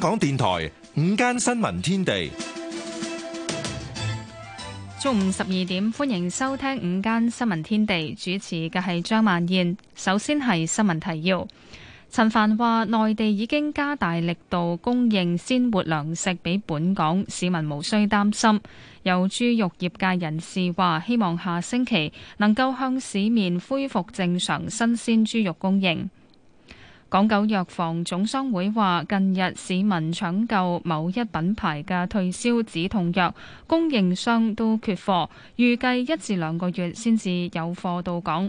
香港電台午間新聞天地，中午十二點，歡迎收聽午間新聞天地，主持嘅係張萬燕。首先係新聞提要，陳帆話，內地已經加大力度供應鮮活糧食俾本港市民，無需擔心。有豬肉業界人士話，希望下星期能夠向市面恢復正常新鮮豬肉供應。港九藥房總商會話：近日市民搶購某一品牌嘅退燒止痛藥，供應商都缺貨，預計一至兩個月先至有貨到港。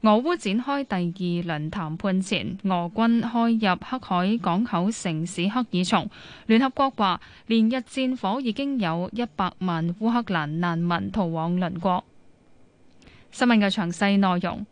俄烏展開第二輪談判前，俄軍開入黑海港口城市克爾松。聯合國話，連日戰火已經有一百萬烏克蘭難民逃往鄰國。新聞嘅詳細內容。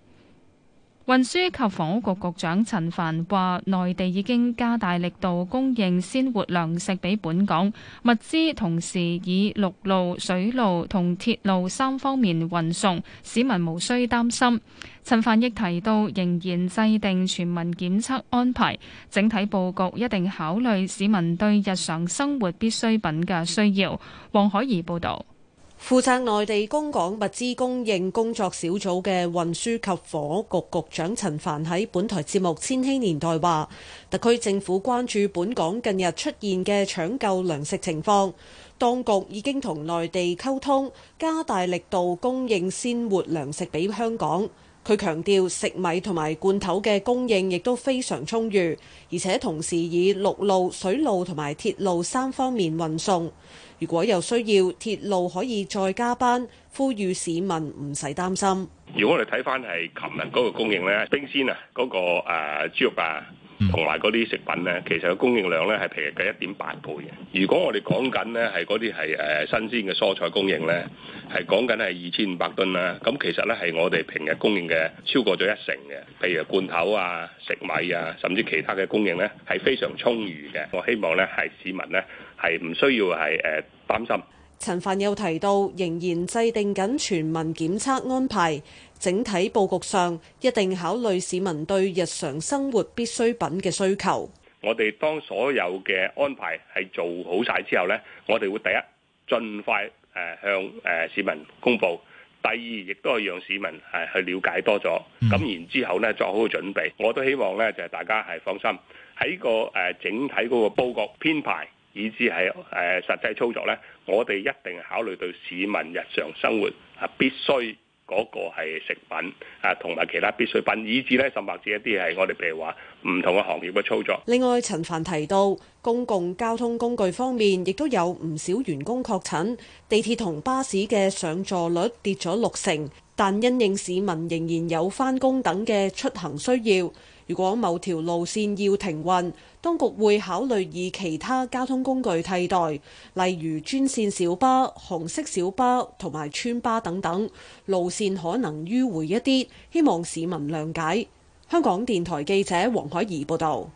運輸及房屋局局長陳帆話，內地已經加大力度供應鮮活糧食畀本港，物資同時以陸路、水路同鐵路三方面運送，市民無需擔心。陳帆亦提到仍然制定全民檢測安排，整體佈局一定考慮市民對日常生活必需品嘅需要。黃海怡報道。負責內地供港物資供應工作小組嘅運輸及火局局長陳帆喺本台節目《千禧年代》話，特區政府關注本港近日出現嘅搶購糧食情況，當局已經同內地溝通，加大力度供應鮮活糧食俾香港。佢強調，食米同埋罐頭嘅供應亦都非常充裕，而且同時以陸路、水路同埋鐵路三方面運送。如果有需要，鐵路可以再加班，呼籲市民唔使擔心。如果我哋睇返係琴日嗰個供應咧，冰鮮啊，嗰個誒豬肉啊。同埋嗰啲食品咧，其實嘅供應量咧係平日嘅一點八倍嘅。如果我哋講緊咧係嗰啲係誒新鮮嘅蔬菜供應咧，係講緊係二千五百噸啦。咁其實咧係我哋平日供應嘅超過咗一成嘅。譬如罐頭啊、食米啊，甚至其他嘅供應咧係非常充裕嘅。我希望咧係市民咧係唔需要係誒擔心。陳帆又提到，仍然制定緊全民檢測安排，整體布局上一定考慮市民對日常生活必需品嘅需求。我哋當所有嘅安排係做好晒之後咧，我哋會第一盡快誒向誒、呃、市民公布，第二亦都係讓市民係去了解多咗，咁、嗯、然之後咧做好準備，我都希望咧就係、是、大家係放心喺個誒整體嗰個佈局編排，以至係誒實際操作咧。我哋一定考慮到市民日常生活啊，必須嗰個係食品啊，同埋其他必需品，以至呢，甚至一啲係我哋譬如話唔同嘅行業嘅操作。另外，陳帆提到公共交通工具方面亦都有唔少員工確診，地鐵同巴士嘅上座率跌咗六成，但因應市民仍然有返工等嘅出行需要。如果某條路線要停運，當局會考慮以其他交通工具替代，例如專線小巴、紅色小巴同埋村巴等等。路線可能迂迴一啲，希望市民諒解。香港電台記者黃海怡報道。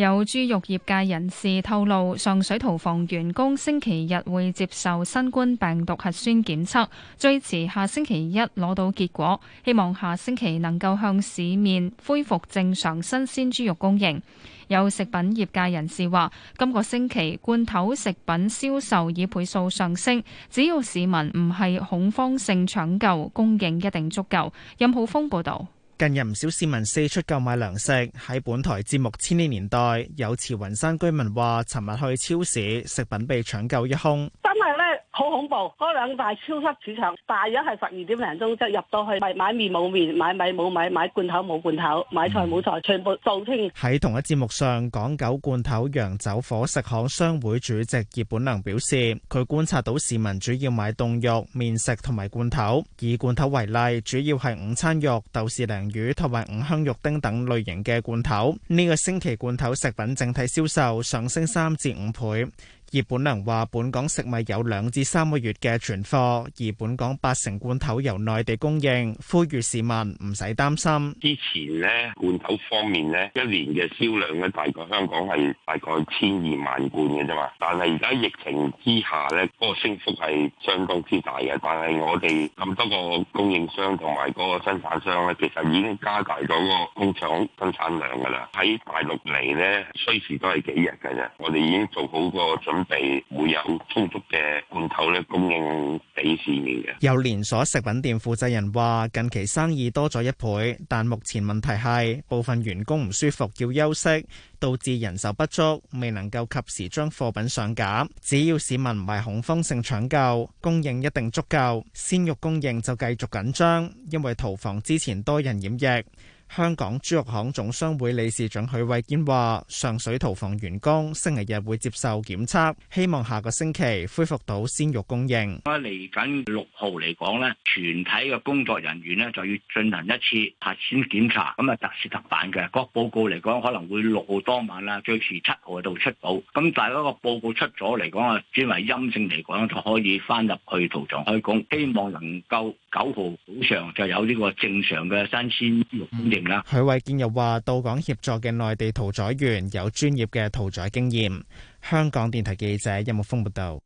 有豬肉業界人士透露，上水屠房員工星期日會接受新冠病毒核酸檢測，最遲下星期一攞到結果，希望下星期能夠向市面恢復正常新鮮豬肉供應。有食品業界人士話，今個星期罐頭食品銷售以倍數上升，只要市民唔係恐慌性搶購，供應一定足夠。任浩峰報導。近日唔少市民四出購買糧食，喺本台節目《千禧年代》，有慈雲山居民話尋日去超市，食品被搶購一空。真係咧！好恐怖！嗰兩大超級市場，大約係十二點零鐘即入到去，買麵冇面，買米冇米，買罐頭冇罐頭，買菜冇菜，全部掃清。喺、嗯、同一節目上，港九罐頭洋酒伙食行商會主席葉本良表示，佢觀察到市民主要買凍肉、麵食同埋罐頭。以罐頭為例，主要係午餐肉、豆豉鯪魚同埋五香肉丁等類型嘅罐頭。呢、呢個星期罐頭食品整體銷售上升三至五倍。葉本良話：本港食物有兩至三個月嘅存貨，而本港八成罐頭由內地供應，呼籲市民唔使擔心。之前呢罐頭方面呢，一年嘅銷量咧，大概香港係大概千二萬罐嘅啫嘛。但係而家疫情之下呢，嗰個升幅係相當之大嘅。但係我哋咁多個供應商同埋嗰個生產商咧，其實已經加大咗個工廠生產量噶啦。喺大陸嚟呢，需時都係幾日嘅啫。我哋已經做好個準備會有充足嘅罐頭供應俾市民嘅。有連鎖食品店負責人話，近期生意多咗一倍，但目前問題係部分員工唔舒服要休息，導致人手不足，未能夠及時將貨品上架。只要市民唔係恐慌性搶購，供應一定足夠。鮮肉供應就繼續緊張，因為屠房之前多人染疫。香港豬肉行總商會理事長許慧堅話，上水屠房員工星期日會接受檢測，希望下個星期恢復到鮮肉供應。咁啊，嚟緊六號嚟講咧，全體嘅工作人員咧就要進行一次核酸檢測，咁啊，特事特辦嘅。個報告嚟講，可能會六號當晚啦，最遲七號度出到。咁但係嗰個報告出咗嚟講啊，轉為陰性嚟講就可以翻入去屠場開工，希望能夠。九號早上就有呢個正常嘅三千六供應啦。許偉、嗯、健又話，到港協助嘅內地屠宰員有專業嘅屠宰經驗。香港電台記者任木峰報道。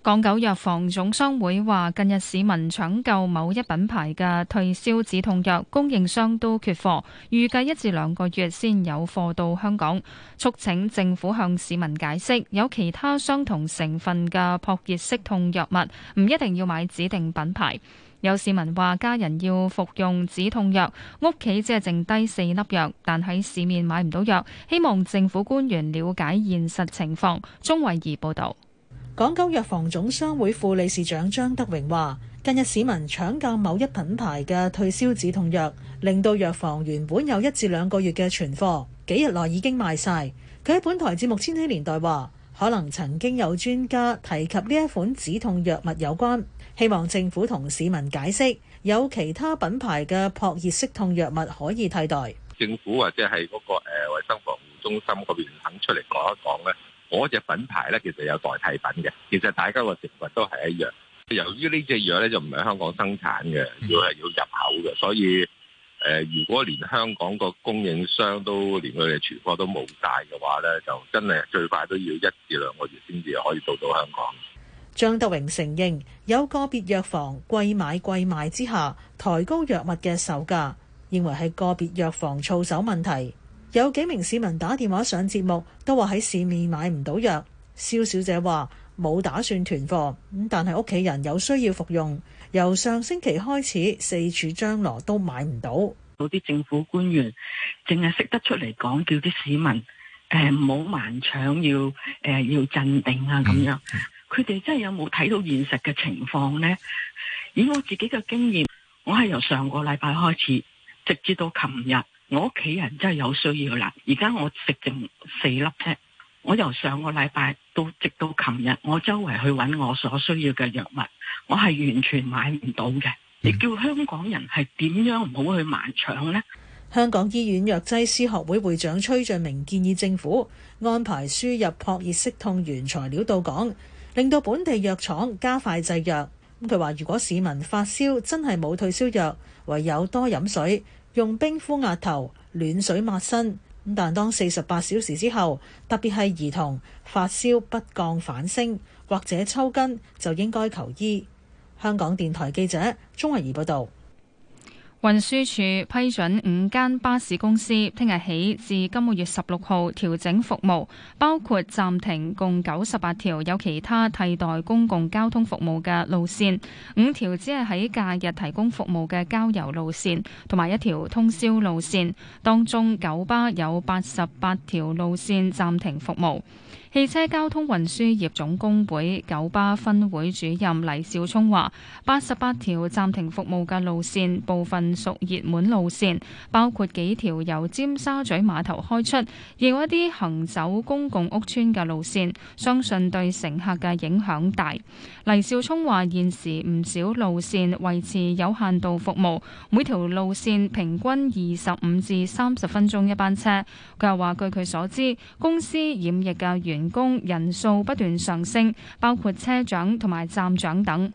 港九藥房總商會話，近日市民搶購某一品牌嘅退燒止痛藥，供應商都缺貨，預計一至兩個月先有貨到香港。促請政府向市民解釋，有其他相同成分嘅撲熱息痛藥物，唔一定要買指定品牌。有市民話，家人要服用止痛藥，屋企只係剩低四粒藥，但喺市面買唔到藥，希望政府官員了解現實情況。鍾慧儀報道。港九藥房總商會副理事長張德榮話，近日市民搶購某一品牌嘅退燒止痛藥，令到藥房原本有一至兩個月嘅存貨，幾日內已經賣晒。佢喺本台節目《千禧年代》話，可能曾經有專家提及呢一款止痛藥物有關，希望政府同市民解釋，有其他品牌嘅撲熱息痛藥物可以替代。政府或者係嗰個誒衛生防護中心嗰邊肯出嚟講一講咧？嗰隻品牌咧，其實有代替品嘅。其實大家個食物都係一樣。由於呢隻藥咧就唔係香港生產嘅，要係要入口嘅，所以誒，如果連香港個供應商都連佢哋儲貨都冇晒嘅話咧，就真係最快都要一至兩個月先至可以到到香港。張德榮承認有個別藥房貴買貴賣之下抬高藥物嘅售價，認為係個別藥房操守問題。有幾名市民打電話上節目，都話喺市面買唔到藥。蕭小，小姐話：冇打算囤貨，咁但係屋企人有需要服用。由上星期開始，四處張羅都買唔到。嗰啲政府官員淨係識得出嚟講，叫啲市民唔好盲搶，要誒、呃、要鎮定啊咁樣。佢哋真係有冇睇到現實嘅情況呢？以我自己嘅經驗，我係由上個禮拜開始，直至到琴日。我屋企人真係有需要啦！而家我食剩四粒啫，我由上個禮拜到直到琴日，我周圍去揾我所需要嘅藥物，我係完全買唔到嘅。你叫香港人係點樣唔好去盲搶咧？嗯、香港醫院藥劑師學會會長崔俊明建議政府安排輸入撲熱息痛原材料到港，令到本地藥廠加快製藥。咁佢話如果市民發燒真係冇退燒藥，唯有多飲水。用冰敷額頭、暖水抹身，但當四十八小時之後，特別係兒童發燒不降反升，或者抽筋，就應該求醫。香港電台記者鍾慧儀報道。運輸署批准五間巴士公司聽日起至今個月十六號調整服務，包括暫停共九十八條有其他替代公共交通服務嘅路線，五條只係喺假日提供服務嘅郊遊路線，同埋一條通宵路線。當中九巴有八十八條路線暫停服務。汽車交通運輸業總工會九巴分會主任黎少聰話：八十八條暫停服務嘅路線，部分屬熱門路線，包括幾條由尖沙咀碼頭開出，而有一啲行走公共屋邨嘅路線，相信對乘客嘅影響大。黎少聰話：現時唔少路線維持有限度服務，每條路線平均二十五至三十分鐘一班車。佢又話：據佢所知，公司染疫嘅員工人數不斷上升，包括車長同埋站長等。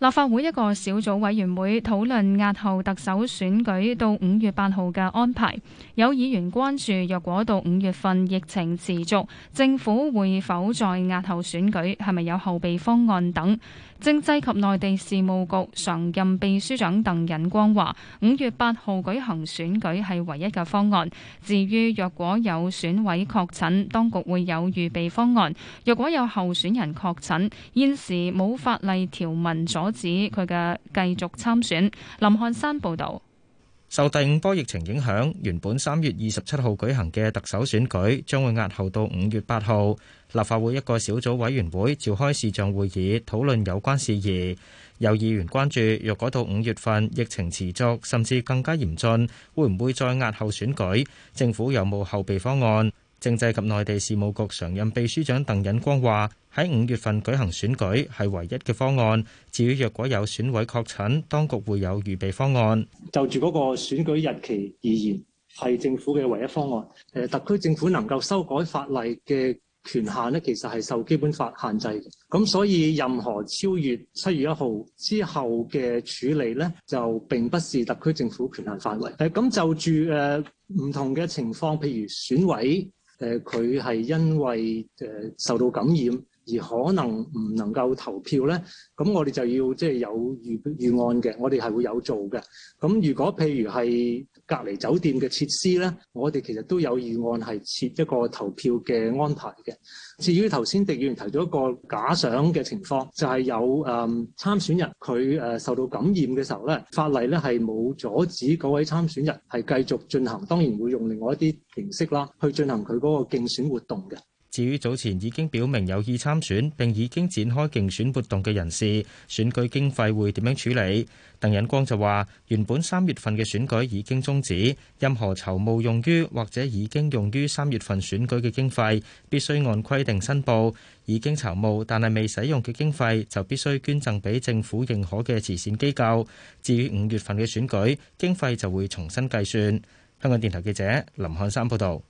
立法會一個小組委員會討論押後特首選舉到五月八號嘅安排，有議員關注若果到五月份疫情持續，政府會否再押後選舉，係咪有後備方案等。政制及內地事務局常任秘書長鄧忍光話：五月八號舉行選舉係唯一嘅方案。至於若果有選委確診，當局會有預備方案。若果有候選人確診，現時冇法例條文阻止佢嘅繼續參選。林漢山報導。受第五波疫情影響，原本三月二十七號舉行嘅特首選舉將會押後到五月八號。立法會一個小組委員會召開視像會議討論有關事宜。有議員關注，若果到五月份疫情持續甚至更加嚴峻，會唔會再押後選舉，政府有冇後備方案？政制及內地事務局常任秘書長鄧忍光話：喺五月份舉行選舉係唯一嘅方案。至於若果有選委確診，當局會有預備方案。就住嗰個選舉日期而言，係政府嘅唯一方案。誒，特區政府能夠修改法例嘅權限呢，其實係受基本法限制嘅。咁所以任何超越七月一號之後嘅處理呢，就並不是特區政府權限範圍。誒，咁就住誒唔同嘅情況，譬如選委。誒，佢係因為誒、呃、受到感染而可能唔能夠投票咧，咁我哋就要即係有預預案嘅，我哋係會有做嘅。咁如果譬如係，隔離酒店嘅設施呢，我哋其實都有預案係設一個投票嘅安排嘅。至於頭先狄議員提咗一個假想嘅情況，就係、是、有誒、嗯、參選人佢誒受到感染嘅時候呢，法例呢係冇阻止嗰位參選人係繼續進行，當然會用另外一啲形式啦，去進行佢嗰個競選活動嘅。至於早前已經表明有意參選並已經展開競選活動嘅人士，選舉經費會點樣處理？鄧忍光就話：原本三月份嘅選舉已經終止，任何籌募用於或者已經用於三月份選舉嘅經費，必須按規定申報；已經籌募但係未使用嘅經費，就必須捐贈俾政府認可嘅慈善機構。至於五月份嘅選舉，經費就會重新計算。香港電台記者林漢山報道。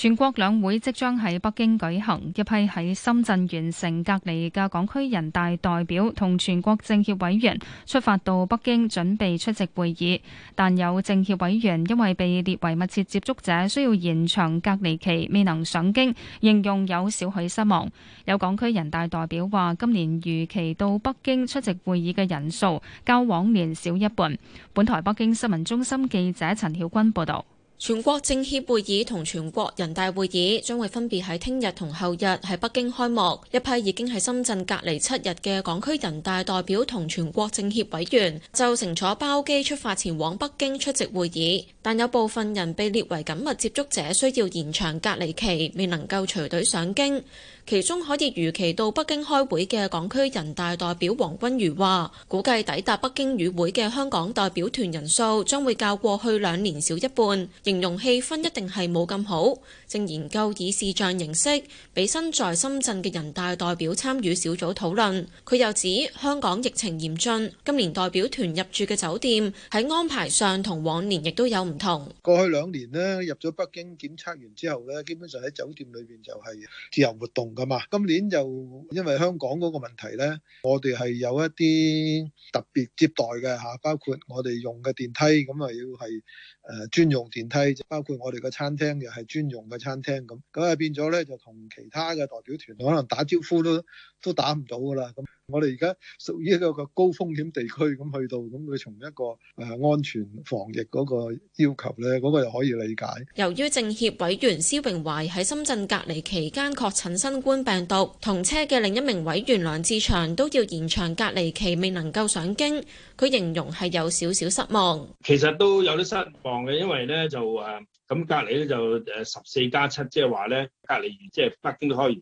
全國兩會即將喺北京舉行，一批喺深圳完成隔離嘅港區人大代表同全國政協委員出發到北京準備出席會議，但有政協委員因為被列為密切接觸者，需要延長隔離期，未能上京，形容有少許失望。有港區人大代表話：今年預期到北京出席會議嘅人數較往年少一半。本台北京新聞中心記者陳曉君報道。全國政協會議同全國人大會議將會分別喺聽日同後日喺北京開幕。一批已經喺深圳隔離七日嘅港區人大代表同全國政協委員就乘坐包機出發前往北京出席會議，但有部分人被列為緊密接觸者，需要延長隔離期，未能夠隨隊上京。其中可以如期到北京開會嘅港區人大代表黃均瑜話，估計抵達北京與會嘅香港代表團人數將會較過去兩年少一半，形容氣氛一定係冇咁好。正研究以視像形式，俾身在深圳嘅人大代表參與小組討論。佢又指香港疫情嚴峻，今年代表團入住嘅酒店喺安排上同往年亦都有唔同。過去兩年咧，入咗北京檢測完之後咧，基本上喺酒店裏邊就係自由活動。係嘛？今年就因為香港嗰個問題咧，我哋係有一啲特別接待嘅嚇，包括我哋用嘅電梯咁啊，要係誒、呃、專用電梯，包括我哋嘅餐廳又係專用嘅餐廳咁，咁啊變咗咧就同其他嘅代表團可能打招呼都都打唔到㗎啦咁。我哋而家屬於一個個高風險地區，咁去到咁，佢從一個誒安全防疫嗰個要求咧，嗰個又可以理解。由於政協委員蕭榮懷喺深圳隔離期間確診新冠病毒，同車嘅另一名委員梁志祥都要延長隔離期，未能夠上京。佢形容係有少少失望。其實都有啲失望嘅，因為咧就誒咁隔離咧就誒十四加七，即係話咧隔離即係北京都開完。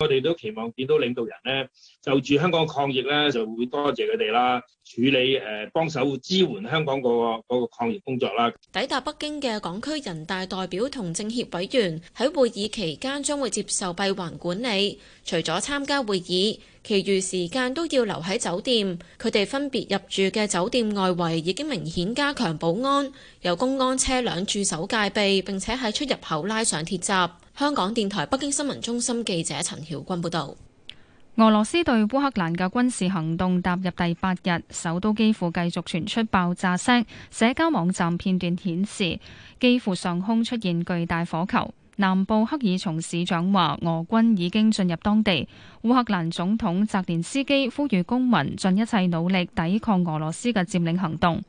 我哋都期望見到領導人呢，就住香港抗疫呢，就會多謝佢哋啦，處理誒幫手支援香港個嗰個抗疫工作啦。抵達北京嘅港區人大代表同政協委員喺會議期間將會接受閉環管理，除咗參加會議，其餘時間都要留喺酒店。佢哋分別入住嘅酒店外圍已經明顯加強保安，有公安車輛駐守戒備，並且喺出入口拉上鐵閘。香港電台北京新聞中心記者陳曉君報道：俄羅斯對烏克蘭嘅軍事行動踏入第八日，首都基輔繼續傳出爆炸聲。社交網站片段顯示，基輔上空出現巨大火球。南部克爾松市長話，俄軍已經進入當地。烏克蘭總統澤連斯基呼籲公民盡一切努力抵抗俄羅斯嘅佔領行動。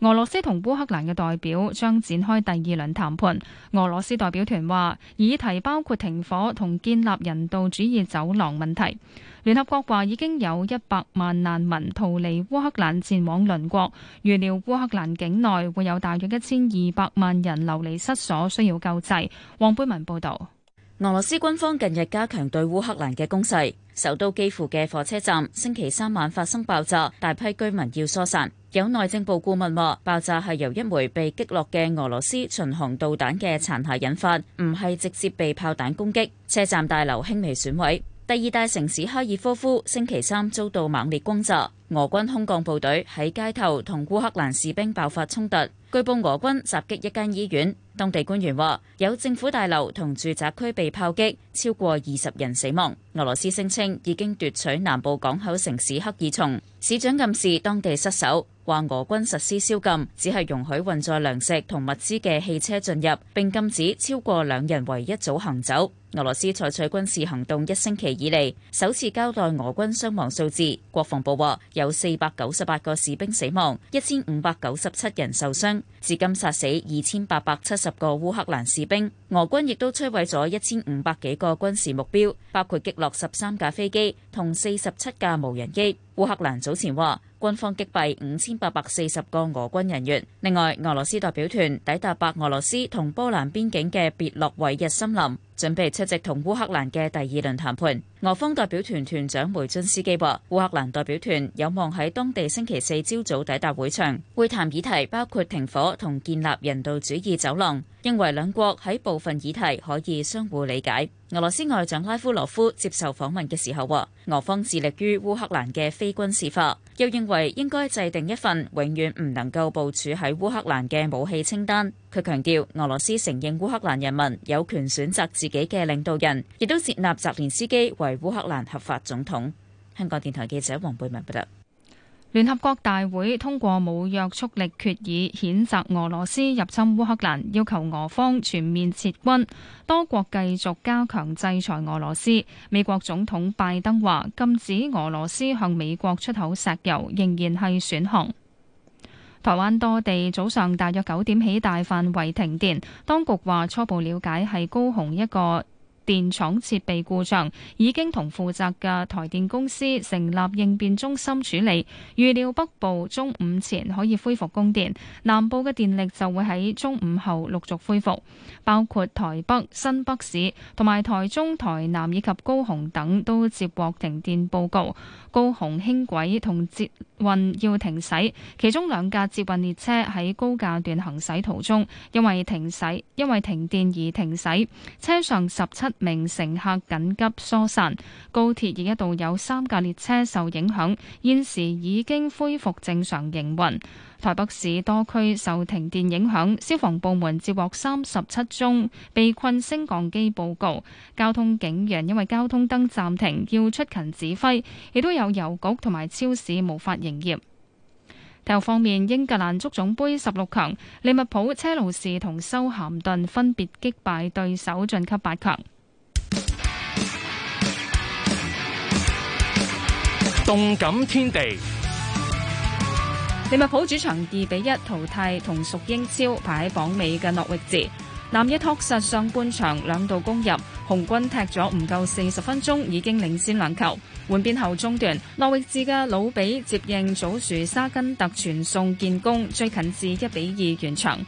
俄羅斯同烏克蘭嘅代表將展開第二輪談判。俄羅斯代表團話，議題包括停火同建立人道主義走廊問題。聯合國話，已經有一百萬難民逃離烏克蘭，前往鄰國。預料烏克蘭境內會有大約一千二百萬人流離失所，需要救濟。黃貝文報道。俄羅斯軍方近日加強對烏克蘭嘅攻勢。首都基輔嘅火車站星期三晚發生爆炸，大批居民要疏散。有內政部顧問話，爆炸係由一枚被擊落嘅俄羅斯巡航導彈嘅殘骸引發，唔係直接被炮彈攻擊。車站大樓輕微損毀。第二大城市哈爾科夫星期三遭到猛烈攻襲，俄軍空降部隊喺街頭同烏克蘭士兵爆發衝突。據報俄軍襲擊一間醫院。當地官員話，有政府大樓同住宅區被炮擊，超過二十人死亡。俄羅斯聲稱已經奪取南部港口城市克爾松，市長暗示當地失守，話俄軍實施宵禁，只係容許運載糧食同物資嘅汽車進入，並禁止超過兩人為一組行走。俄羅斯採取軍事行動一星期以嚟，首次交代俄軍傷亡數字。國防部話有四百九十八個士兵死亡，一千五百九十七人受傷。至今殺死二千八百七十個烏克蘭士兵，俄軍亦都摧毀咗一千五百幾個軍事目標，包括擊落十三架飛機同四十七架無人機。烏克蘭早前話軍方擊斃五千八百四十個俄軍人員。另外，俄羅斯代表團抵達白俄羅斯同波蘭邊境嘅別洛維日森林。準備出席同烏克蘭嘅第二輪談判。俄方代表團團長梅津斯基話，烏克蘭代表團有望喺當地星期四朝早抵達會場，會談議題包括停火同建立人道主義走廊，認為兩國喺部分議題可以相互理解。俄羅斯外長拉夫羅夫接受訪問嘅時候話，俄方致力於烏克蘭嘅非軍事化，又認為應該制定一份永遠唔能夠部署喺烏克蘭嘅武器清單，佢強調俄羅斯承認烏克蘭人民有權選擇自己嘅領導人，亦都接納澤連斯基為。烏克蘭合法總統，香港電台記者黃貝文報道。聯合國大會通過冇約束力決議譴責俄羅斯入侵烏克蘭，要求俄方全面撤軍。多國繼續加強制裁俄羅斯。美國總統拜登話，禁止俄羅斯向美國出口石油仍然係選項。台灣多地早上大約九點起大範圍停電，當局話初步了解係高雄一個。電廠設備故障，已經同負責嘅台電公司成立應變中心處理。預料北部中午前可以恢復供電，南部嘅電力就會喺中午後陸續恢復。包括台北、新北市同埋台中、台南以及高雄等都接獲停電報告。高雄輕軌同捷運要停駛，其中兩架捷運列車喺高架段行駛途中，因為停駛，因為停電而停駛。車上十七。名乘客緊急疏散，高鐵亦一度有三架列車受影響，現時已經恢復正常營運。台北市多區受停電影響，消防部門接獲三十七宗被困升降機報告。交通警員因為交通燈暫停要出勤指揮，亦都有郵局同埋超市無法營業。體育方面，英格蘭足總杯十六強，利物浦、車路士同修咸頓分別擊敗對手晉級八強。動感天地，利物浦主場二比一淘汰同屬英超排喺榜尾嘅諾域治，南一托實上半場兩度攻入，紅軍踢咗唔夠四十分鐘已經領先兩球。換邊後中段，諾域治嘅老比接應祖樹沙根特傳送建功，追近至一比二完場。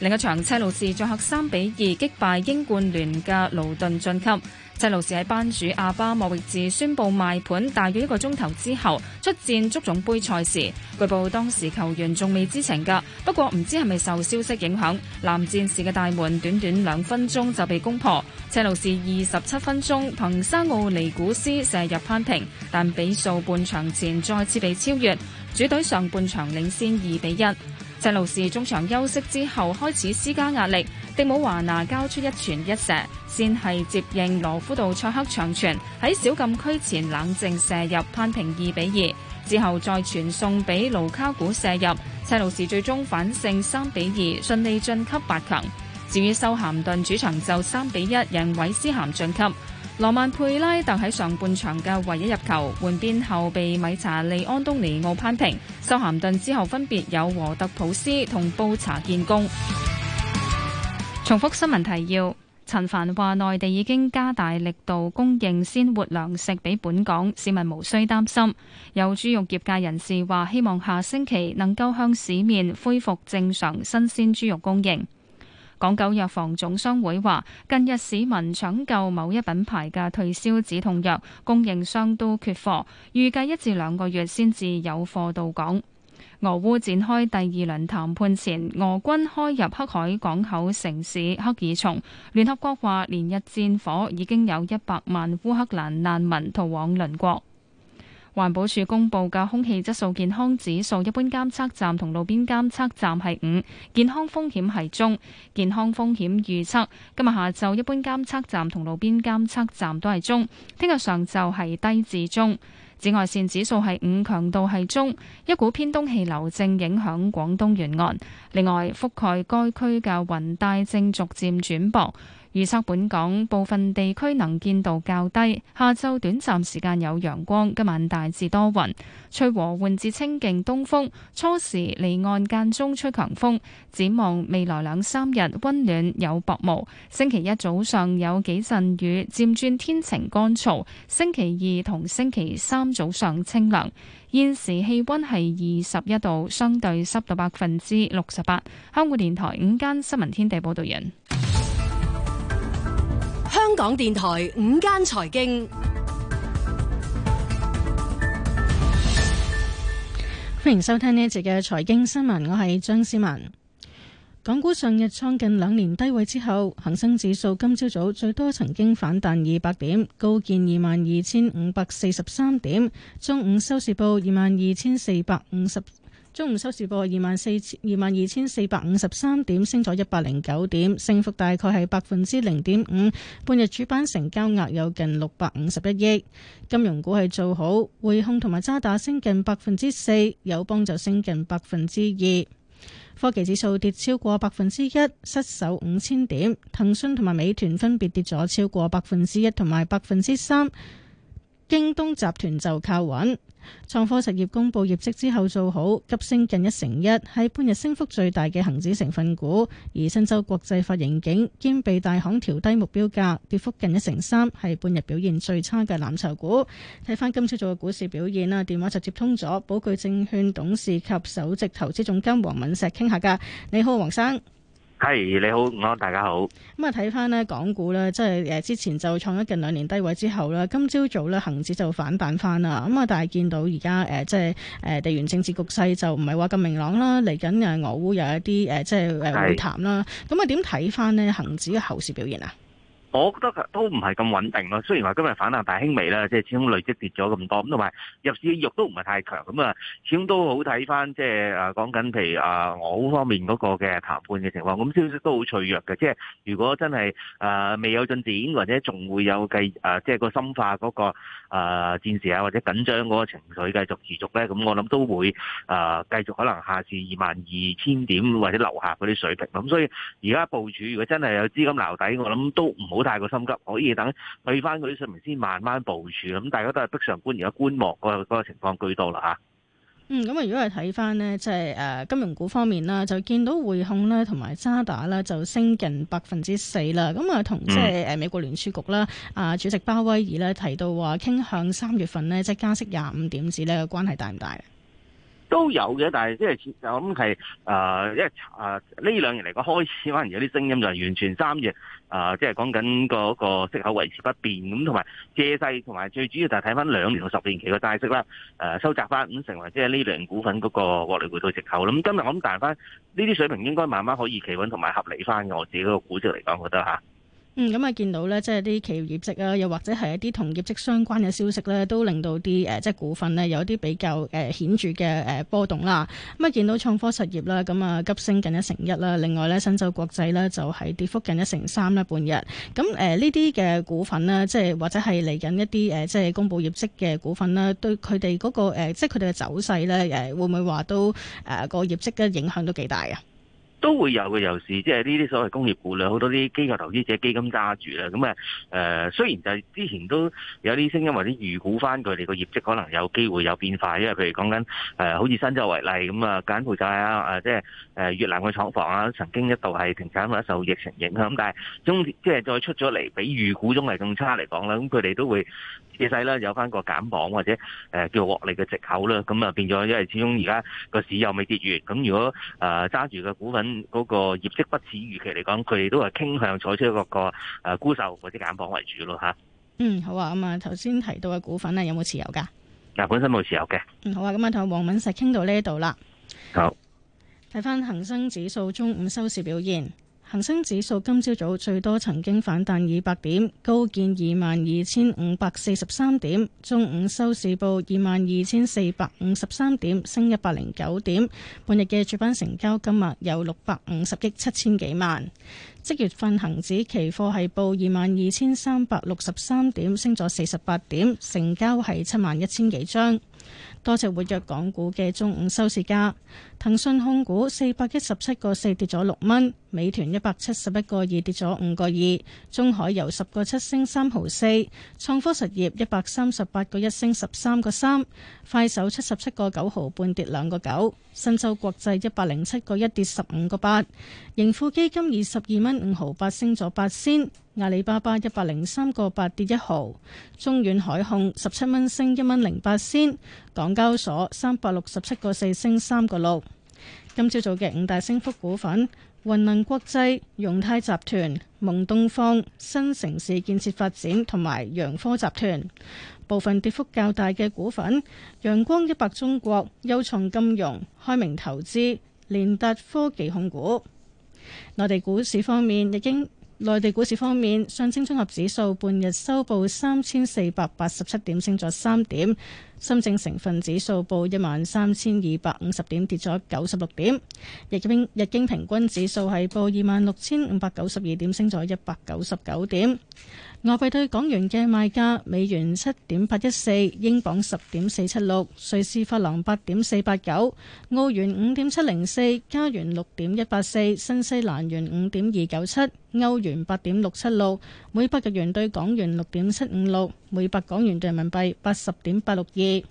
另一場車路士作客三比二擊敗英冠聯嘅勞頓晉級。車路士喺班主阿巴莫域治宣布賣盤大約一個鐘頭之後出戰足總杯賽事，據報當時球員仲未知情噶，不過唔知係咪受消息影響，藍戰士嘅大門短,短短兩分鐘就被攻破，車路士二十七分鐘憑沙奧尼古斯射入扳平，但比數半場前再次被超越，主隊上半場領先二比一。赤路士中場休息之後，開始施加壓力。迪姆華拿交出一傳一射，先係接應羅夫道蔡克長傳，喺小禁區前冷靜射入，攀平二比二。之後再傳送俾盧卡古射入，赤路士最終反勝三比二，順利晉級八強。至於修咸頓主場就三比一，贏韋斯咸晉級。羅曼佩拉特喺上半場嘅唯一入球，換邊後被米查利安東尼奧扳平。修咸頓之後分別有和特普斯同布查建功。重複新聞提要：陳帆話內地已經加大力度供應鮮活糧食俾本港市民，無需擔心。有豬肉業界人士話，希望下星期能夠向市面恢復正常新鮮豬肉供應。港九藥房總商會話：近日市民搶購某一品牌嘅退燒止痛藥，供應商都缺貨，預計一至兩個月先至有貨到港。俄烏展開第二輪談判前，俄軍開入黑海港口城市赫爾松。聯合國話，連日戰火已經有一百萬烏克蘭難民逃往鄰國。環保署公布嘅空氣質素健康指數，一般監測站同路邊監測站係五，健康風險係中。健康風險預測今日下晝一般監測站同路邊監測站都係中，聽日上晝係低至中。紫外綫指數係五，強度係中。一股偏東氣流正影響廣東沿岸，另外覆蓋該區嘅雲帶正逐漸轉薄。預測本港部分地區能見度較低，下晝短暫時間有陽光，今晚大致多雲，吹和緩至清勁東風，初時離岸間中吹強風。展望未來兩三日温暖有薄霧，星期一早上有幾陣雨，漸轉天晴乾燥。星期二同星期三早上清涼。現時氣温係二十一度，相對濕度百分之六十八。香港電台午間新聞天地報道人。香港電台午間財經，歡迎收聽呢一節嘅財經新聞。我係張思文。港股上日創近兩年低位之後，恒生指數今朝早，早最多曾經反彈二百點，高見二萬二千五百四十三點，中午收市報二萬二千四百五十，中午收市過二萬四千二萬二千四百五十三點，升咗一百零九點，升幅大概係百分之零點五。半日主板成交額有近六百五十一億。金融股係做好，匯控同埋渣打升近百分之四，友邦就升近百分之二。科技指數跌超過百分之一，失守五千點。騰訊同埋美團分別跌咗超過百分之一同埋百分之三，京東集團就靠穩。創科實業公布業績之後做好，急升近一成一，係半日升幅最大嘅恒指成分股。而新洲國際發盈警兼被大行調低目標價，跌幅近一成三，係半日表現最差嘅藍籌股。睇返今朝早嘅股市表現啦，電話就接通咗，寶鉅證券董事及首席投資總監黃敏碩傾下偈。你好，黃生。係、hey, 你好，我大家好。咁啊，睇翻咧港股咧，即係誒，之前就創咗近兩年低位之後咧，今朝早咧恒指就反彈翻啦。咁啊，但係見到而家誒，即係誒，地緣政治局勢就唔係話咁明朗啦。嚟緊誒，俄烏有一啲誒，即係誒，會談啦。咁啊，點睇翻呢？恒指嘅後市表現啊？我覺得都唔係咁穩定咯，雖然話今日反彈，但係輕微啦，即係始終累積跌咗咁多，咁同埋入市嘅欲都唔係太強，咁啊，始終都好睇翻，即係啊講緊譬如啊俄烏方面嗰個嘅談判嘅情況，咁消息都好脆弱嘅，即係如果真係啊未有進展，或者仲會有繼啊即係個深化嗰個啊戰事啊，或者緊張嗰個情緒繼續持續咧，咁我諗都會啊繼續可能下至二萬二千點或者樓下嗰啲水平，咁所以而家部署，如果真係有資金留底，我諗都唔好。好大個心急，可以等睇翻佢啲新聞先，慢慢部署。咁大家都係壁上觀，而家觀望嗰個個情況居多啦吓。嗯，咁啊，如果係睇翻呢，即係誒、啊、金融股方面啦，就見到匯控咧同埋渣打咧就升近百分之四啦。咁、嗯、啊，同即係誒美國聯儲局啦，啊主席鮑威爾咧提到話傾向三月份呢，即係加息廿五點子呢咧，關係大唔大？都有嘅，但係即係我諗係誒，因為誒呢兩年嚟講開始，可能有啲聲音就係完全三月誒、呃，即係講緊嗰個息口維持不變咁，同、嗯、埋借勢，同埋最主要就係睇翻兩年到十年期嘅債息啦。誒、呃，收窄翻咁成為即係呢兩股份嗰個獲利回報嘅藉口咁、嗯、今日我諗大翻呢啲水平應該慢慢可以企穩同埋合理翻嘅，我自己個估值嚟講，覺得嚇。啊。嗯，咁啊，見到咧，即係啲企業業績啊，又或者係一啲同業績相關嘅消息咧，都令到啲誒、呃，即係股份呢有一啲比較誒、呃、顯著嘅誒波動啦。咁啊，見到創科實業啦，咁啊急升近一成一啦。另外咧，申洲國際咧就係、是、跌幅近一成三咧半日。咁、嗯、誒，呢啲嘅股份咧，即係或者係嚟緊一啲誒、呃，即係公佈業績嘅股份咧，對佢哋嗰個、呃、即係佢哋嘅走勢咧，誒會唔會話都誒個、呃呃、業績嘅影響都幾大啊？都會有嘅，又是即係呢啲所謂工業股啦，好多啲機構投資者基金揸住啦。咁啊，誒、呃、雖然就係之前都有啲聲音話啲預估翻佢哋個業績可能有機會有變化，因為譬如講緊誒好似新洲為例咁、嗯、啊，柬埔寨啊，誒即係誒越南嘅廠房啊，曾經一度係停產或者受疫情影響、嗯，但係終即係再出咗嚟，比預估中係更差嚟講啦。咁佢哋都會嘅勢啦，有翻個減磅或者誒叫獲利嘅藉口啦。咁、嗯、啊變咗，因為始終而家個市又未跌完，咁如果誒揸住個股份，嗰個業績不似預期嚟講，佢哋都係傾向採取一個誒沽售或者減磅為主咯吓。嗯，好啊，咁、嗯、啊，頭先提到嘅股份啊，有冇持有噶？嗱，本身冇持有嘅。嗯，好啊，咁啊，同黃敏石傾到呢一度啦。好，睇翻恆生指數中午收市表現。恒生指數今朝早最多曾經反彈二百點，高見二萬二千五百四十三點，中午收市報二萬二千四百五十三點，升一百零九點。半日嘅主板成交金額有六百五十億七千幾萬。即月份恒指期貨係報二萬二千三百六十三點，升咗四十八點，成交係七萬一千幾張。多隻活躍港股嘅中午收市價。騰訊控股四百一十七個四跌咗六蚊，美團一百七十一個二跌咗五個二，中海油十個七升三毫四，創科實業一百三十八個一升十三個三，快手七十七個九毫半跌兩個九，新洲國際一百零七個一跌十五個八，盈富基金二十二蚊五毫八升咗八仙，阿里巴巴一百零三個八跌一毫，中遠海控十七蚊升一蚊零八仙，港交所三百六十七個四升三個六。今朝早嘅五大升幅股份：雲能國際、融泰集團、蒙東方、新城市建設發展同埋陽科集團。部分跌幅較大嘅股份：陽光一百中國、優創金融、開明投資、連達科技控股。內地股市方面，已經。內地股市方面，上證綜合指數半日收報三千四百八十七點，升咗三點；深證成分指數報一萬三千二百五十點，跌咗九十六點；日經日經平均指數係報二萬六千五百九十二點，升咗一百九十九點。外幣對港元嘅賣價：美元七點八一四，英鎊十點四七六，瑞士法郎八點四八九，澳元五點七零四，加元六點一八四，新西蘭元五點二九七，歐元八點六七六，每百日元對港元六點七五六，每百港元對人民幣八十點八六二。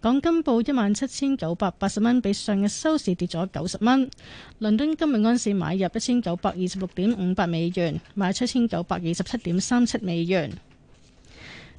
港金報一萬七千九百八十蚊，比上日收市跌咗九十蚊。倫敦金每盎司買入一千九百二十六點五八美元，賣出一千九百二十七點三七美元。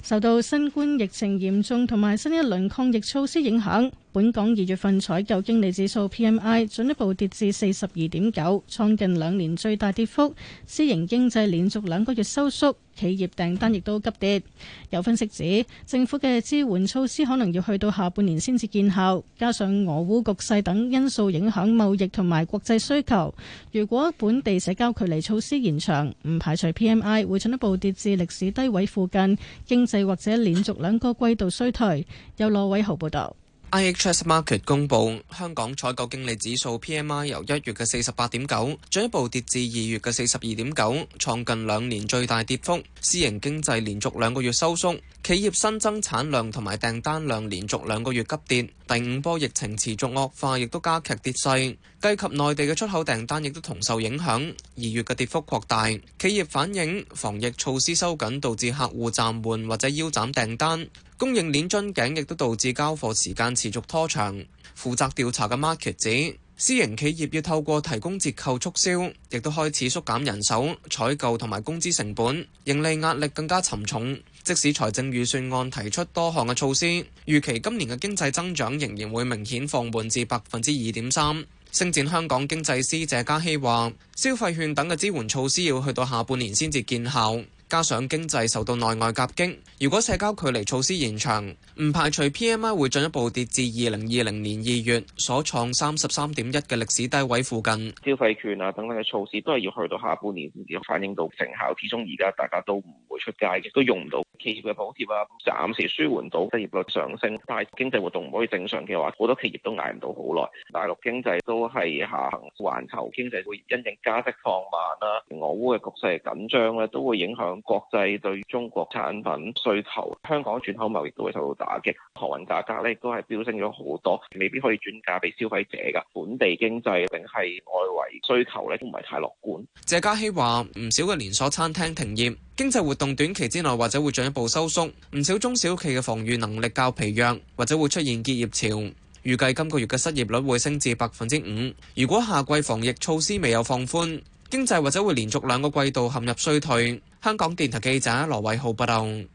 受到新冠疫情嚴重同埋新一輪抗疫措施影響。本港二月份採購經理指數 PMI 進一步跌至四十二點九，創近兩年最大跌幅。私營經濟連續兩個月收縮，企業訂單亦都急跌。有分析指，政府嘅支援措施可能要去到下半年先至見效，加上俄烏局勢等因素影響貿易同埋國際需求。如果本地社交距離措施延長，唔排除 PMI 會進一步跌至歷史低位附近，經濟或者連續兩個季度衰退。有羅偉豪報導。IHS Markit 公布香港採購經理指數 PMI 由一月嘅四十八點九進一步跌至二月嘅四十二點九，創近兩年最大跌幅。私營經濟連續兩個月收縮，企業新增產量同埋訂單量連續兩個月急跌。第五波疫情持續惡化，亦都加劇跌勢，計及內地嘅出口訂單亦都同受影響。二月嘅跌幅擴大，企業反映防疫措施收緊導致客戶暫緩或者腰斬訂單。供應鏈樽頸亦都導致交貨時間持續拖長。負責調查嘅 Markit 指，私營企業要透過提供折扣促銷，亦都開始縮減人手、採購同埋工資成本，盈利壓力更加沉重。即使財政預算案提出多項嘅措施，預期今年嘅經濟增長仍然會明顯放緩至百分之二點三。星展香港經濟師謝嘉熙話：消費券等嘅支援措施要去到下半年先至見效。加上經濟受到內外夾擊，如果社交距離措施延長，唔排除 P M I 會進一步跌至二零二零年二月所創三十三點一嘅歷史低位附近。消費券啊等等嘅措施都係要去到下半年先至反映到成效，始終而家大家都唔會出街亦都用唔到企業嘅補貼啊，暫時舒緩到失業率上升。但係經濟活動唔可以正常嘅話，好多企業都捱唔到好耐。大陸經濟都係下行，環球經濟會因應加息放慢啦，俄烏嘅局勢係緊張咧，都會影響。國際對中國產品需求，香港轉口貿易都會受到打擊。航運價格咧都係飆升咗好多，未必可以轉嫁俾消費者㗎。本地經濟定係外圍需求咧都唔係太樂觀。謝嘉熙話：唔少嘅連鎖餐廳停業，經濟活動短期之內或者會進一步收縮。唔少中小企嘅防禦能力較疲弱，或者會出現結業潮。預計今個月嘅失業率會升至百分之五。如果下季防疫措施未有放寬，經濟或者會連續兩個季度陷入衰退。香港電台記者羅偉浩報道。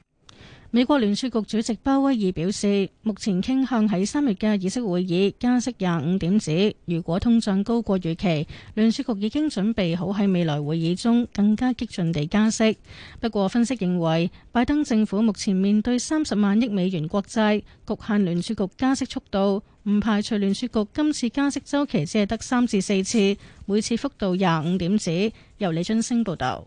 美國聯儲局主席鮑威爾表示，目前傾向喺三月嘅議息會議加息廿五點子。如果通脹高過預期，聯儲局已經準備好喺未來會議中更加激進地加息。不過，分析認為，拜登政府目前面對三十萬億美元國債，局限聯儲局加息速度，唔排除聯儲局今次加息周期只係得三至四次，每次幅度廿五點子。由李津升報道。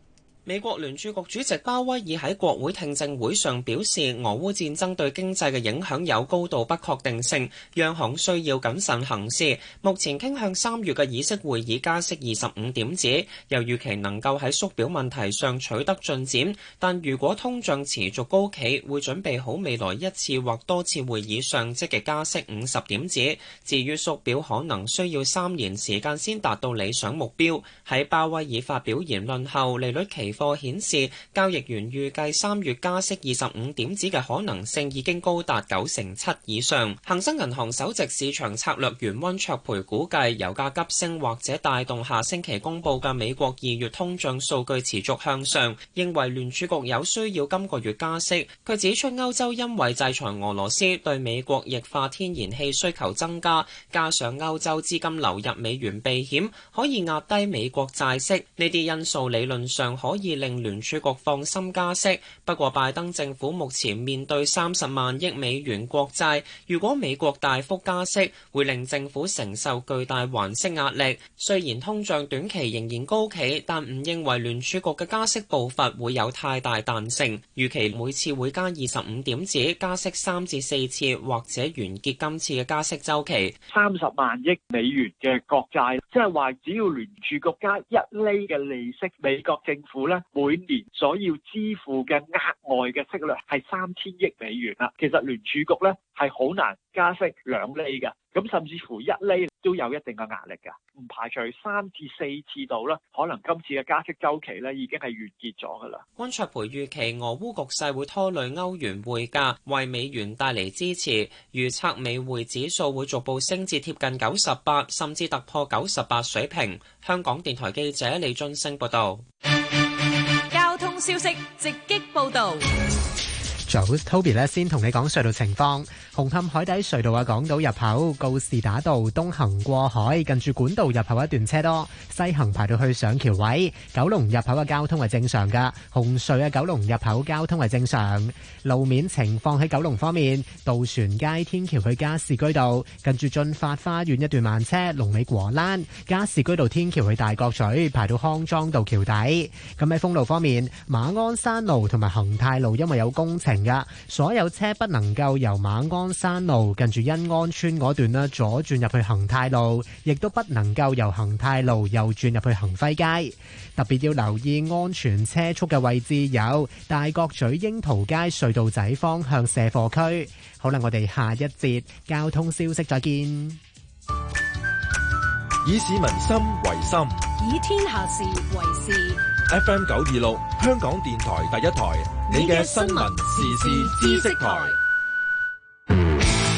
美國聯儲局主席鮑威爾喺國會聽證會上表示，俄烏戰爭對經濟嘅影響有高度不確定性，央行需要謹慎行事。目前傾向三月嘅議息會議加息二十五點子，又預期能夠喺縮表問題上取得進展。但如果通脹持續高企，會準備好未來一次或多次會議上積極加息五十點子。至於縮表，可能需要三年時間先達到理想目標。喺鮑威爾發表言論後，利率期貨顯示交易員預計三月加息二十五點子嘅可能性已經高達九成七以上。恒生銀行首席市場策略員溫卓培估計，油價急升或者帶動下星期公布嘅美國二月通脹數據持續向上，認為聯儲局有需要今個月加息。佢指出，歐洲因為制裁俄羅斯，對美國液化天然氣需求增加，加上歐洲資金流入美元避險，可以壓低美國債息。呢啲因素理論上可以。而令聯儲局放心加息，不過拜登政府目前面對三十萬億美元國債，如果美國大幅加息，會令政府承受巨大還息壓力。雖然通脹短期仍然高企，但唔認為聯儲局嘅加息步伐會有太大彈性。預期每次會加二十五點子，加息三至四次或者完結今次嘅加息周期。三十萬億美元嘅國債，即係話只要聯儲局加一厘嘅利息，美國政府咧。每年所要支付嘅額外嘅息率係三千億美元啦。其實聯儲局咧係好難加息兩厘噶，咁甚至乎一厘都有一定嘅壓力噶。唔排除三至四次度啦，可能今次嘅加息周期咧已經係完結咗噶啦。安卓培預期俄烏局勢會拖累歐元匯價，為美元帶嚟支持，預測美匯指數會逐步升至貼近九十八，甚至突破九十八水平。香港電台記者李俊升報道。消息直擊報導。早，Toby 咧，先同你講隧道情況。紅磡海底隧道啊，港島入口告士打道東行過海，近住管道入口一段車多；西行排到去上橋位。九龍入口嘅交通係正常噶，紅隧啊九龍入口交通係正常。路面情況喺九龍方面，渡船街天橋去加士居道，近住駿發花園一段慢車；龍尾果欄，加士居道天橋去大角咀，排到康莊道橋底。咁喺封路方面，馬鞍山路同埋恒泰路因為有工程。所有車不能夠由馬鞍山路近住恩安村嗰段啦，左轉入去恒泰路，亦都不能夠由恒泰路右轉入去恒輝街。特別要留意安全車速嘅位置，有大角咀櫻桃街隧道仔方向卸貨區。好啦，我哋下一節交通消息再見。以市民心為心，以天下事為事。FM 九二六，香港電台第一台，你嘅新聞時事知識台，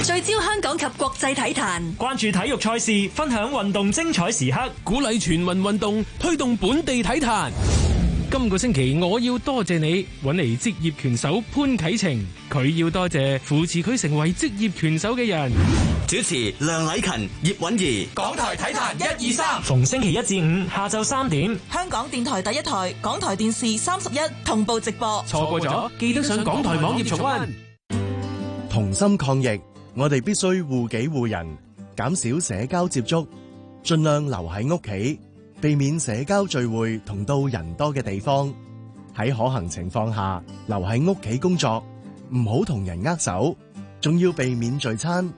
聚焦香港及國際體壇，關注體育賽事，分享運動精彩時刻，鼓勵全民運動，推動本地體壇。今個星期我要多謝你搵嚟職業拳手潘啟程，佢要多謝扶持佢成為職業拳手嘅人。主持梁禮勤、葉允儀，港台體壇一二三，逢星期一至五下晝三點，香港電台第一台，港台電視三十一同步直播。錯過咗，記得上港台網頁重溫。同心抗疫，我哋必須護己護人，減少社交接觸，盡量留喺屋企，避免社交聚會同到人多嘅地方。喺可行情況下，留喺屋企工作，唔好同人握手，仲要避免聚餐。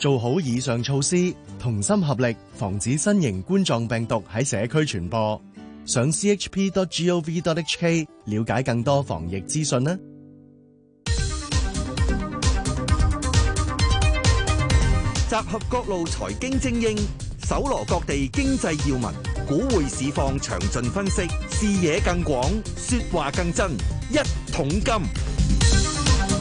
做好以上措施，同心合力，防止新型冠狀病毒喺社區傳播。上 chp.gov.hk 了解更多防疫資訊啦！集合各路財經精英，搜羅各地經濟要聞、股匯市況，詳盡分析，視野更廣，説話更真，一桶金。